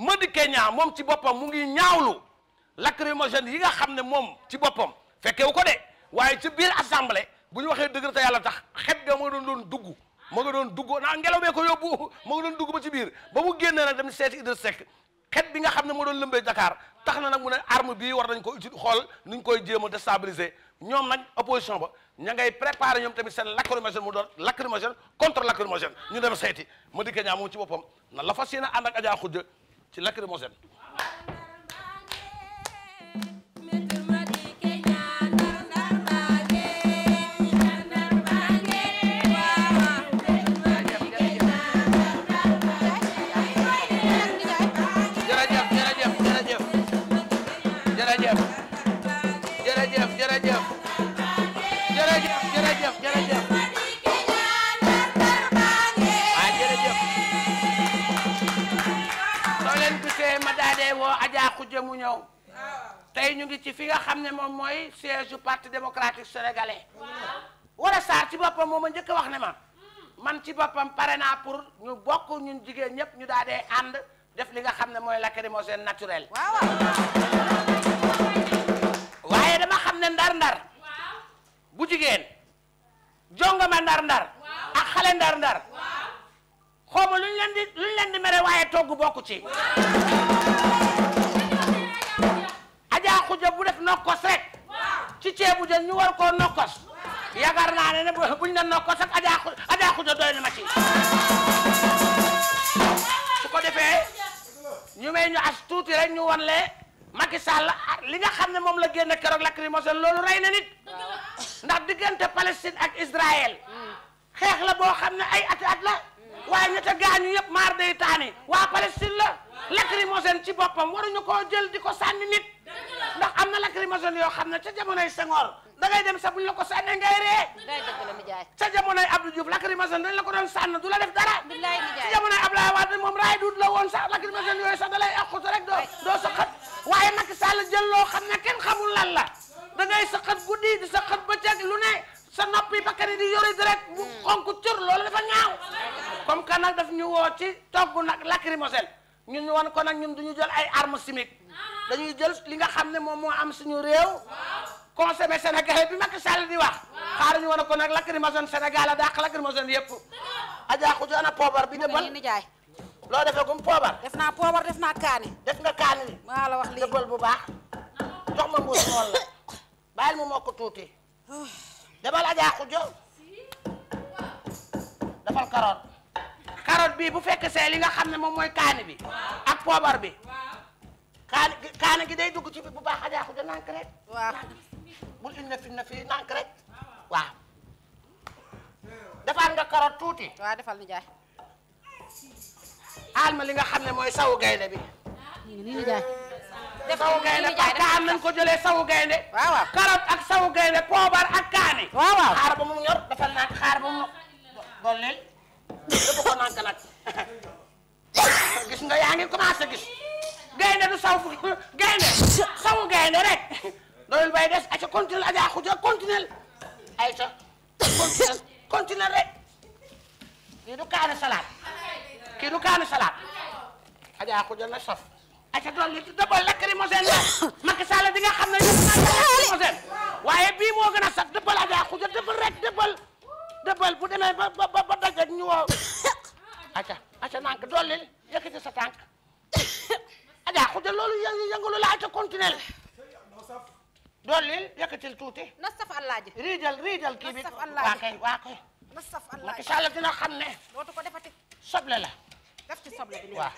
Madické Niang moom ci boppam mu ngi ñaawlu lacrymogène yi nga xam ne moom ci boppam fekkewu ko de waaye ci biir assemblée bu ñu waxee dëgg te yàlla tax xet ga ma doon doon dugg ma nga doon dugg na ngelaw bee ko yóbbu ma nga doon dugg ba ci biir ba mu génnee nag dem seeti Idrissa Seck bi nga xam ne moo doon lëmbee Dakar tax na nag mu ne arme bi war nañ ko uti xool nuñ koy jéem a déstabiliser ñoom nag opposition ba ña ngay préparé ñoom tamit seen lacrymogène mu doon lacrymogène contre lacrymogène ñu dem seeti Madické Niang moom ci boppam na la fas yéene ànd ak Adja ci lacrymogène ñëw tey ñu ngi ci fi nga xam ne moom mooy siège yu parti démocratique sénégalais war a saar ci boppam moom a njëkk wax ne ma man ci boppam pare naa pour ñu bokk ñun jigéen ñëpp ñu daal dee ànd def li nga xam ne mooy lacrymogène naturel waaye dama xam ne ndar-ndar bu jigéen jongama ndar-ndar ak xale ndar-ndar xawma luñ leen di luñ leen di mere waaye togg bokku ci xuja bu def nokkos rek ci ceebu jën ñu war koo nokkos yaakaar naa ne ne buñ ne nokkos ak ajaa ajaa xuja doy na ma ci su ko defee ñu may ñu as tuuti rek ñu wan le Macky la li nga xam ne moom la génne keroog lacrymogène loolu rey na nit ndax diggante Palestine ak Israël xeex la boo xam ne ay ati at la mm. waaye ñetta gaañu yëpp maar day taani waa Palestine la lacrymogène ci boppam waruñu koo jël di ko sànni nit lacrymogène yoo xam ne ca jamonoy Senghor da dem sa buñ la ko sànnee ngay ree. ngay dëgg la Ndiaye. ca jamonoy Abdou Diouf lacrymogène dañ ko doon sànn du la def dara. billaay Ndiaye ca jamonoy Abdoulaye Wade moom raay duut la da lay aqutu rek doo doo sëqat waaye Macky Sall jël loo xam ne kenn xamul lan la da ngay guddi di sëqat bëccëg lu ne sa noppi bakkani di yori direct bu xonk cur loolu dafa ñaaw comme que nag daf ñu woo ci togg nag lacrymogène ñun ñu wan ko nag ñun du ñu jël ay armes chimiques dañuy jël li nga xam ne moom moo am suñu réew consommé sénégalais bi Macky Sall di wax xaaruñu woon ko nag lacrymogène Sénégal a dàq lacrymogène yëpp ajaa xuju ana poobar bi dëbbal loo defee gum poobar def naa poobar def naa kaani def nga kaani ma maa la wax lii dëbbal bu baax jox ma mbuus mool la bàyyil mu moo ko tuuti demal ajaa xuju dafal carotte carotte bii bu fekk see li nga xam ne moom mooy kaani bi ak poobar bi kaana kaana gi day dugg ci bi bu baax a jaaxul nank rek. waaw bul indi fi na fi defal nga karoot tuuti. waaw defal ni jaay. li nga xam ne mooy saw gaynde bi. nii ni jaay. am nañu ko jëlee sawu gaynde. waaw waaw karoot ak sawu gaynde poobar ak kaani. waaw waaw xaar ba mu ñor defal naa xaar mu. dollil. dëgg ko nank nag gis nga yaa ngi commencé gis. gaynde du saw gaynde sawu gaynde rek loolu bay des ayca continuel Adja Khoudia continuel ayca continuel continuel rek kii du kaani salaat kii du kaani salaat Adja Khoudia na saf ayca doon li dëppal la lacrymogène la Macky Sall di nga xam ne lacrymogène a saf dëppal Adja rek dëppal dëppal bu demee ba ba ba ñu woo sa tànk Adja xuja loolu yëngalu laa ca continuer la. dooleel yëkkatil tuuti. na saf àllaaji. riijal riijal kii bi waa kay waa kay. na saf àllaaji Macky Sall xam ne. dootu ko defati. soble la. def ci soble bi waaw.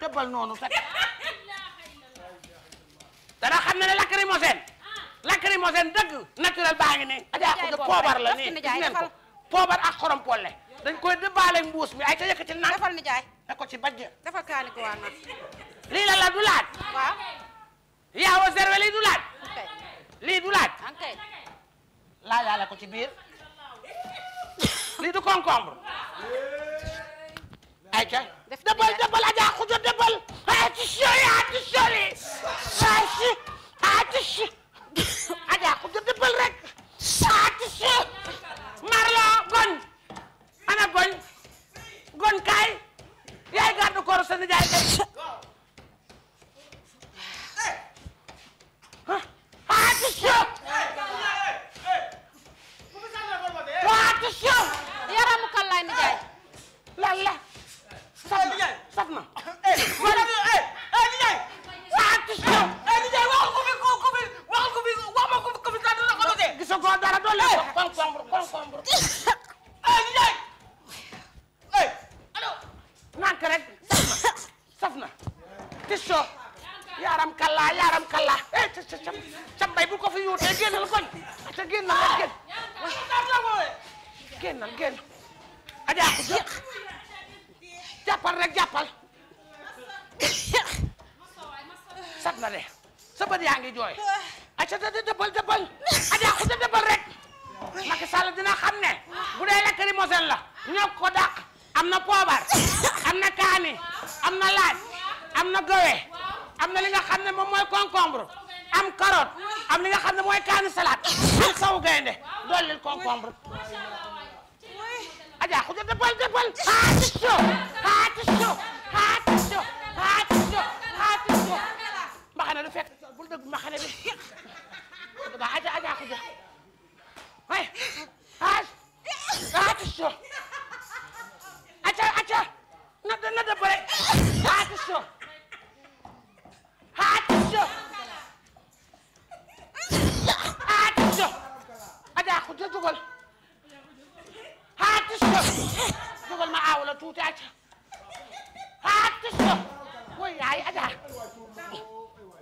tëbbal noonu sax. dana xam ne ne lacrymogène. lacrymogène dëgg. naturel baa ngi ne. Adja xuja poobar la nii ko. poobar ak xorom polle dañ koy dëbbaale mbuus mi ay ta yëkkatil naan. defal ni jaay ne ko ci bajj. defal kaani ko waa naan. lii la du laaj. waaw. yaa serve lii du laaj. lii du laaj. laa yàlla ko ci biir. lii du concombre. ayca. def dabal dabal Adja Khoudia dabal. attention attention ndànk rek saf na tiso yaaram kalla yaaram kalla eh bu ko fi yuutee te génnal rek génn génnal génn Adja ko jëkk jàppal rek jàppal saf na sa bët yaa ngi jooy acca da dëbbal dëbbal Adja ko da dëbbal rek Macky Sall dina xam ne bu dee lekk limousine la ñoo ko dàq am na poobar am na kaane am na laaj am na gowe am na li xam ne mooy concombre am carotte am li nga xam ne mooy kaani salade am sawu gaynde dollil concombre aja xuja dëppal dëppal xaati so xaati so xaati so xaati mbaxane lu fekk bul mbaxane bi aja aja xuja ay xaati Hatsha! Hatsha! Hatsha! Adaa ko jógal. ma aaw la tuuti àcc. Hatsha! Woy yaay Adaa.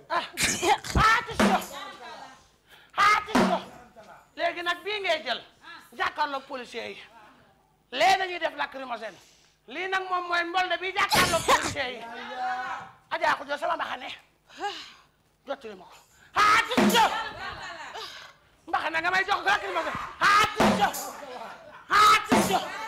Hatsha! Hatsha! Léegi nag bii ngay jël. jàkkaarloog policier yi. Léegi nañuy def lii nag moom mooy mbolde bi jàkkaarloo policier yi Adja ko jox sama mbaxane jottali ma ko xaatis jo mbaxane nga may jox ko rek ma ko xaatis jo xaatis jo